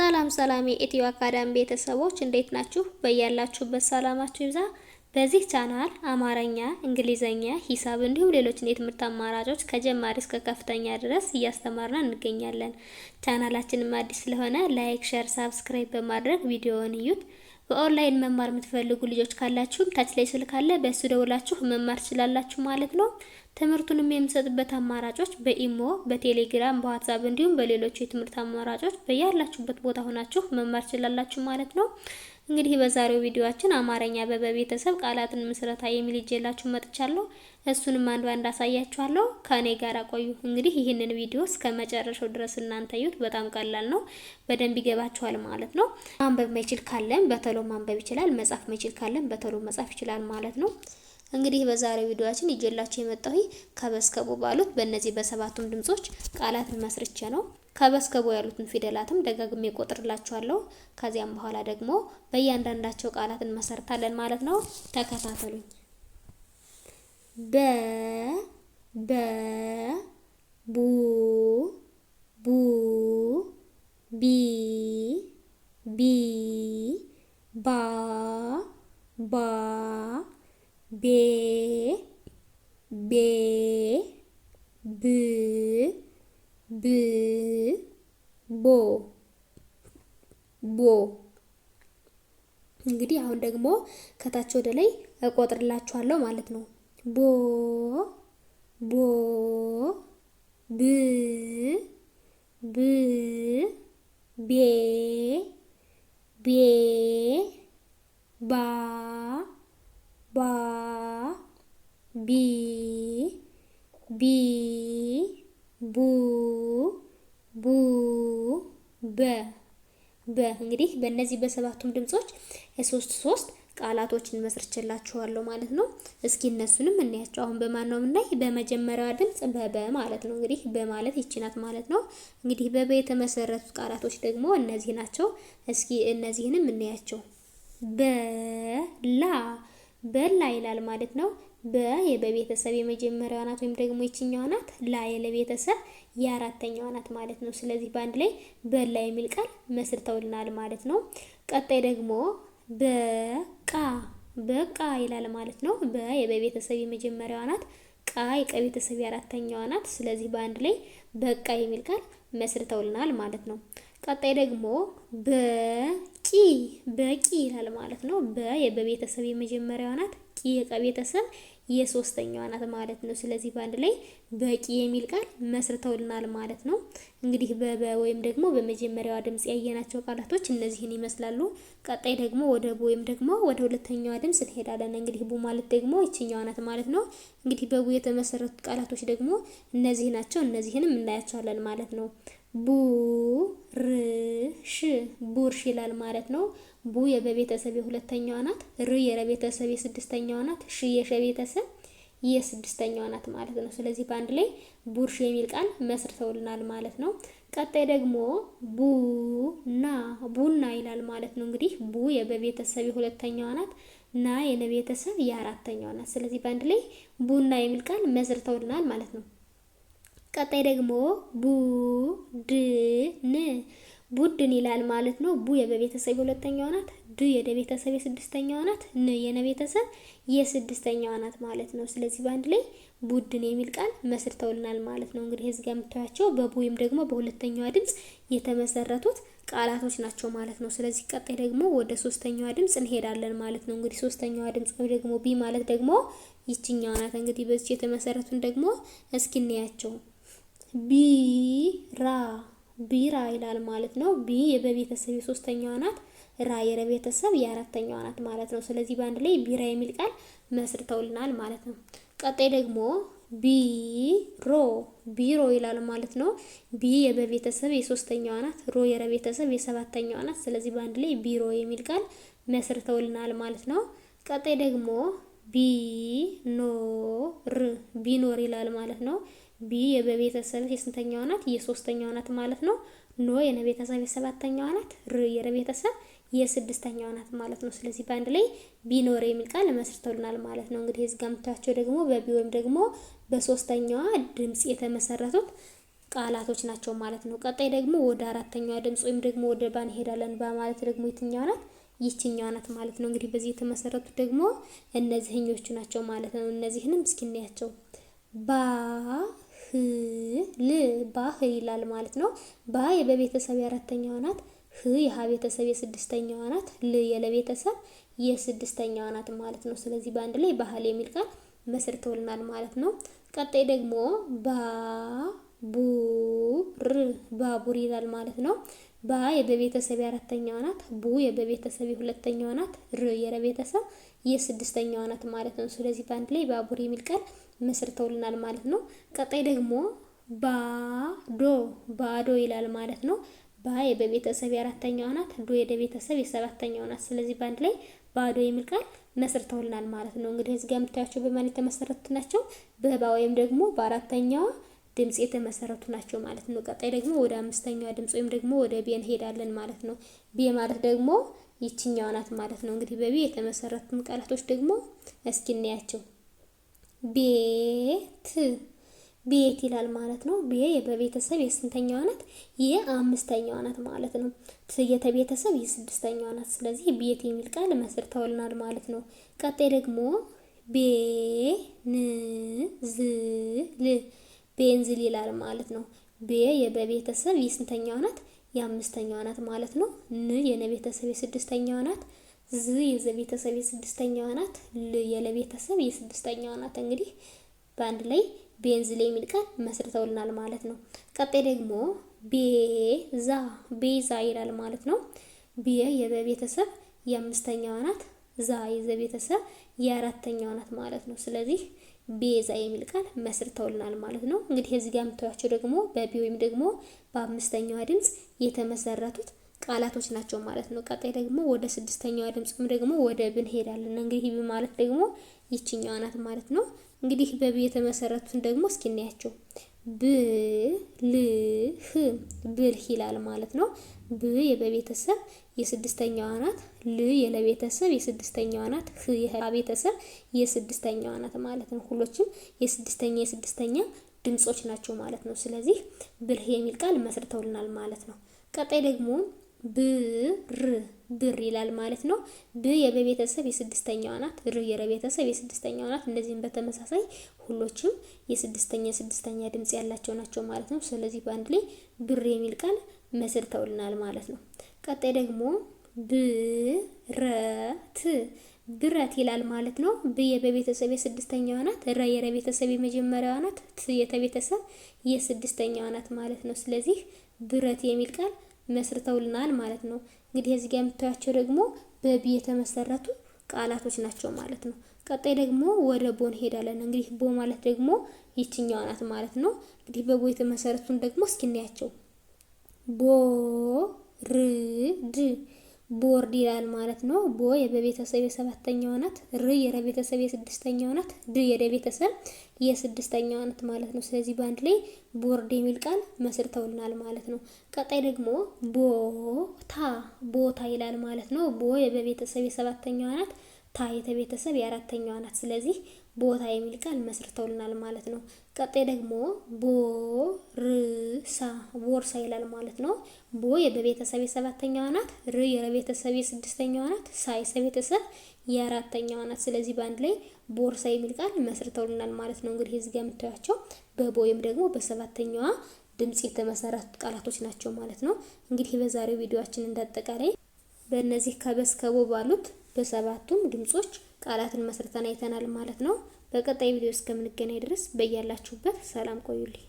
ሰላም ሰላም የኢትዮ አካዳሚ ቤተሰቦች እንዴት ናችሁ? በያላችሁበት ሰላማችሁ ይብዛ። በዚህ ቻናል አማርኛ፣ እንግሊዘኛ፣ ሂሳብ እንዲሁም ሌሎችን የትምህርት አማራጮች ከጀማሪ እስከ ከፍተኛ ድረስ እያስተማርን እንገኛለን። ቻናላችንም አዲስ ስለሆነ ላይክ፣ ሸር፣ ሳብስክራይብ በማድረግ ቪዲዮውን እዩት። በኦንላይን መማር የምትፈልጉ ልጆች ካላችሁም ታች ላይ ስልክ አለ፣ በእሱ ደውላችሁ መማር ትችላላችሁ ማለት ነው። ትምህርቱንም የምሰጥበት አማራጮች በኢሞ፣ በቴሌግራም፣ በዋትሳፕ እንዲሁም በሌሎች የትምህርት አማራጮች በያላችሁበት ቦታ ሆናችሁ መማር ትችላላችሁ ማለት ነው። እንግዲህ በዛሬው ቪዲዮአችን አማርኛ በበቤተሰብ ቃላትን ምስረታ የሚል ይዤላችሁ መጥቻለሁ። እሱንም አንዷ እንዳሳያችኋለሁ። ከኔ ጋር ቆዩ። እንግዲህ ይህንን ቪዲዮ እስከ መጨረሻው ድረስ እናንተ እዩት። በጣም ቀላል ነው፣ በደንብ ይገባችኋል ማለት ነው። ማንበብ ማይችል ካለም በተሎ ማንበብ ይችላል። መጻፍ ማይችል ካለም በተሎ መጻፍ ይችላል ማለት ነው። እንግዲህ በዛሬው ቪዲዮአችን ይዤላችሁ የመጣሁ ከበስከቡ ባሉት በእነዚህ በሰባቱም ድምጾች ቃላትን መስርቼ ነው። ከበስከቦ ያሉትን ፊደላትም ደጋግሜ ቆጥርላችኋለሁ። ከዚያም በኋላ ደግሞ በእያንዳንዳቸው ቃላት እንመሰርታለን ማለት ነው። ተከታተሉኝ። በ በ ቡ ቡ ቢ ቢ ባ ባ ቤ ቤ ብ ብ ቦ እንግዲህ አሁን ደግሞ ከታች ወደ ላይ እቆጥርላችኋለሁ ማለት ነው። ቦ ቦ ብ ብ ቤ ቤ ባ ባ ቢ ቢ ቡ ቡ በ በ እንግዲህ በእነዚህ በሰባቱም ድምጾች ሶስት ሶስት ቃላቶችን መስርችላችኋለሁ ማለት ነው። እስኪ እነሱንም እናያቸው። አሁን በማን ነው የምናይ? በመጀመሪያዋ ድምጽ በበ ማለት ነው። እንግዲህ በማለት ይችናት ማለት ነው። እንግዲህ በበ የተመሰረቱት ቃላቶች ደግሞ እነዚህ ናቸው። እስኪ እነዚህንም እናያቸው። በላ በላ ይላል ማለት ነው። በቤተሰብ የመጀመሪያው ናት ወይም ደግሞ ይችኛዋ ናት። ላ ለቤተሰብ የአራተኛዋ ናት ማለት ነው። ስለዚህ በአንድ ላይ በላ የሚል ቃል መስርተውልናል ማለት ነው። ቀጣይ ደግሞ በቃ በቃ ይላል ማለት ነው። በ የበቤተሰብ የመጀመሪያዋ ናት። ቃ የቀ ቤተሰብ የአራተኛዋ ናት። ስለዚህ በአንድ ላይ በቃ የሚል ቃል መስርተውልናል ማለት ነው። ቀጣይ ደግሞ በቂ በቂ ይላል ማለት ነው። በ የበቤተሰብ የመጀመሪያዋ ናት። ቂ የቀ የሶስተኛዋ ናት ማለት ነው። ስለዚህ በአንድ ላይ በቂ የሚል ቃል መስርተውልናል ማለት ነው። እንግዲህ በበ ወይም ደግሞ በመጀመሪያዋ ድምጽ ያየናቸው ቃላቶች እነዚህን ይመስላሉ። ቀጣይ ደግሞ ወደ ቡ ወይም ደግሞ ወደ ሁለተኛዋ ድምጽ እንሄዳለን። እንግዲህ ቡ ማለት ደግሞ ይችኛዋ ናት ማለት ነው። እንግዲህ በቡ የተመሰረቱት ቃላቶች ደግሞ እነዚህ ናቸው። እነዚህንም እናያቸዋለን ማለት ነው። ቡርሽ ቡርሽ ይላል ማለት ነው። ቡ የበቤተሰብ የሁለተኛዋ ናት። ር የረቤተሰብ የስድስተኛዋ ናት። ሽ የሸቤተሰብ የስድስተኛዋ ናት ማለት ነው። ስለዚህ በአንድ ላይ ቡርሽ የሚል ቃል መስርተውልናል ማለት ነው። ቀጣይ ደግሞ ቡና ቡና ይላል ማለት ነው። እንግዲህ ቡ የበቤተሰብ የሁለተኛዋ ናት። ና የነቤተሰብ የአራተኛዋ ናት። ስለዚህ በአንድ ላይ ቡና የሚል ቃል መስርተውልናል ማለት ነው። ቀጣይ ደግሞ ቡድን ቡድን ይላል ማለት ነው። ቡ የበቤተሰብ የሁለተኛዋ ናት። ዱ የደቤተሰብ የስድስተኛዋ ናት። ን የነቤተሰብ የስድስተኛዋ ናት ማለት ነው። ስለዚህ በአንድ ላይ ቡድን የሚል ቃል መስርተውልናል ማለት ነው። እንግዲህ እዚህ ጋር የምታያቸው በቡ ወይም ደግሞ በሁለተኛዋ ድምፅ የተመሰረቱት ቃላቶች ናቸው ማለት ነው። ስለዚህ ቀጣይ ደግሞ ወደ ሶስተኛዋ ድምፅ እንሄዳለን ማለት ነው። እንግዲህ ሶስተኛዋ ድምፅ ወይም ደግሞ ቢ ማለት ደግሞ ይችኛዋ ናት። እንግዲህ በዚህ የተመሰረቱን ደግሞ እስኪ እናያቸው ቢራ ቢራ ይላል ማለት ነው። ቢ የበቤተሰብ የሶስተኛዋ ናት፣ ራ የረቤተሰብ የአራተኛዋ ናት ማለት ነው። ስለዚህ በአንድ ላይ ቢራ የሚል ቃል መስርተውልናል ማለት ነው። ቀጣይ ደግሞ ቢሮ ቢሮ ይላል ማለት ነው። ቢ የበቤተሰብ የሶስተኛዋ ናት፣ ሮ የረቤተሰብ የሰባተኛዋ ናት። ስለዚህ በአንድ ላይ ቢሮ የሚል ቃል መስርተውልናል ማለት ነው። ቀጣይ ደግሞ ቢኖር ቢኖር ይላል ማለት ነው። ቢ የበቤተሰብህ የስንተኛው ናት? የሶስተኛው ናት ማለት ነው። ኖ የነቤተሰብ የሰባተኛው ናት። ር የረቤተሰብ የስድስተኛው ናት ማለት ነው። ስለዚህ በአንድ ላይ ቢኖር የሚል ቃል መስርተውልናል ማለት ነው። እንግዲህ እዚህ ጋር የምታያቸው ደግሞ በቢ ወይም ደግሞ በሶስተኛዋ ድምጽ የተመሰረቱት ቃላቶች ናቸው ማለት ነው። ቀጣይ ደግሞ ወደ አራተኛዋ ድምጽ ወይም ደግሞ ወደ ባ እንሄዳለን። ባ ማለት ደግሞ የትኛው ናት? ይችኛዋ ናት ማለት ነው። እንግዲህ በዚህ የተመሰረቱት ደግሞ እነዚህኞቹ ናቸው ማለት ነው። እነዚህንም እስኪ እናያቸው ባ ልባህ ይላል ማለት ነው። ባ የበቤተሰብ የአራተኛዋ ናት። ህ የሀ ቤተሰብ የስድስተኛዋ ናት። ል የለቤተሰብ የስድስተኛዋ ናት ማለት ነው። ስለዚህ በአንድ ላይ ባህል የሚል ቃል መስርተውልናል ማለት ነው። ቀጣይ ደግሞ ባቡር ባቡር ይላል ማለት ነው። ባ የበቤተሰብ የአራተኛዋ ናት። ቡ የበቤተሰብ የሁለተኛዋ ናት። ር የረቤተሰብ የስድስተኛዋ ናት ማለት ነው። ስለዚህ በአንድ ላይ ባቡር የሚል ቃል መስርተውልናል ማለት ነው። ቀጣይ ደግሞ ባዶ ባዶ ይላል ማለት ነው። ባ በቤተሰብ የአራተኛዋ ናት። ዶ የደቤተሰብ የሰባተኛው ናት። ስለዚህ በአንድ ላይ ባዶ የሚል ቃል መስርተውልናል ማለት ነው። እንግዲህ እዚህ ጋር የምታያቸው በማን የተመሰረቱ ናቸው? በባ ወይም ደግሞ በአራተኛዋ ድምጽ የተመሰረቱ ናቸው ማለት ነው። ቀጣይ ደግሞ ወደ አምስተኛዋ ድምጽ ወይም ደግሞ ወደ ቤ እንሄዳለን ማለት ነው። ቤ ማለት ደግሞ ይችኛዋ ናት ማለት ነው። እንግዲህ በቤ የተመሰረቱን ቃላቶች ደግሞ እስኪ እናያቸው ቤት ቤት ይላል ማለት ነው። ቤ በቤተሰብ የስንተኛው ናት? የአምስተኛው ናት ማለት ነው። ትየተ ቤተሰብ የስድስተኛው ናት። ስለዚህ ቤት የሚል ቃል መስርተውልናል ማለት ነው። ቀጣይ ደግሞ ቤንዝል ቤንዝል ይላል ማለት ነው። ቤ የበቤተሰብ የስንተኛው ናት? የአምስተኛው ናት ማለት ነው። ን የነቤተሰብ የስድስተኛው ናት። ዝ የዘቤተሰብ የስድስተኛው ናት። ል የለቤተሰብ የስድስተኛዋ ናት። እንግዲህ በአንድ ላይ ቤንዝል የሚል ቃል መስርተውልናል ማለት ነው። ቀጤ ደግሞ ቤዛ ቤዛ ይላል ማለት ነው። ቤ የበቤተሰብ የአምስተኛዋ ናት። ዛ የዘቤተሰብ የአራተኛዋ ናት ማለት ነው። ስለዚህ ቤዛ የሚል ቃል መስርተውልናል ማለት ነው። እንግዲህ እዚህ ጋር የምታያቸው ደግሞ በቢ ወይም ደግሞ በአምስተኛዋ ድምፅ የተመሰረቱት ቃላቶች ናቸው ማለት ነው። ቀጣይ ደግሞ ወደ ስድስተኛዋ ድምፅ ደግሞ ወደ ብን ሄዳለን። እንግዲህ ብ ማለት ደግሞ ይችኛዋ ናት ማለት ነው። እንግዲህ በብ የተመሰረቱትን ደግሞ እስኪ እናያቸው። ብልህ ብልህ ይላል ማለት ነው። ብ የበቤተሰብ የስድስተኛዋ ናት። ል የለቤተሰብ የስድስተኛዋ ናት። ህ የቤተሰብ የስድስተኛዋ ናት ማለት ነው። ሁሎችም የስድስተኛ የስድስተኛ ድምጾች ናቸው ማለት ነው። ስለዚህ ብልህ የሚል ቃል መስርተውልናል ማለት ነው። ቀጣይ ደግሞ ብር ብር ይላል ማለት ነው። ብ የበቤተሰብ የስድስተኛዋ ናት። ር የረቤተሰብ የስድስተኛዋ ናት። እነዚህም በተመሳሳይ ሁሎችም የስድስተኛ የስድስተኛ ድምጽ ያላቸው ናቸው ማለት ነው። ስለዚህ በአንድ ላይ ብር የሚል ቃል መስርተውልናል ማለት ነው። ቀጣይ ደግሞ ብረት ብረት ይላል ማለት ነው። ብ የበቤተሰብ የስድስተኛዋ ናት። ረ የረቤተሰብ የመጀመሪያዋ ናት። ት የተቤተሰብ የስድስተኛዋ ናት ማለት ነው። ስለዚህ ብረት የሚል ቃል መስርተውልናል ማለት ነው። እንግዲህ እዚህ ጋር የምታያቸው ደግሞ በቢ የተመሰረቱ ቃላቶች ናቸው ማለት ነው። ቀጣይ ደግሞ ወደ ቦ እንሄዳለን። እንግዲህ ቦ ማለት ደግሞ ይችኛው ናት ማለት ነው። እንግዲህ በቦ የተመሰረቱን ደግሞ እስኪናያቸው ቦ ር ድ ቦርድ ይላል ማለት ነው። ቦ የበቤተሰብ የሰባተኛዋ ናት። ር የረቤተሰብ የስድስተኛው ናት። ድ የደቤተሰብ የስድስተኛው ናት ማለት ነው። ስለዚህ በአንድ ላይ ቦርድ የሚል ቃል መስርተውልናል ማለት ነው። ቀጣይ ደግሞ ቦታ ቦታ ይላል ማለት ነው። ቦ የበቤተሰብ የሰባተኛዋ ናት። ታ የተቤተሰብ የአራተኛዋ ናት። ስለዚህ ቦታ የሚል ቃል መስርተውልናል ማለት ነው። ቀጣይ ደግሞ ቦርሳ ቦርሳ ይላል ማለት ነው። ቦ የበቤተሰብ የሰባተኛዋ ናት። ር የረቤተሰብ የስድስተኛዋ ናት። ሳ የሰቤተሰብ የአራተኛዋ ናት። ስለዚህ በአንድ ላይ ቦርሳ የሚል ቃል መስርተውልናል ማለት ነው። እንግዲህ እዚህ ጋር የምታያቸው በቦ ወይም ደግሞ በሰባተኛዋ ድምጽ የተመሰረቱ ቃላቶች ናቸው ማለት ነው። እንግዲህ በዛሬው ቪዲዮአችን እንዳጠቃላይ በእነዚህ ከበስ ከቦ ባሉት በሰባቱም ድምጾች ቃላትን መስርተን አይተናል ማለት ነው። በቀጣይ ቪዲዮ እስከምንገናኝ ድረስ በያላችሁበት ሰላም ቆዩልኝ።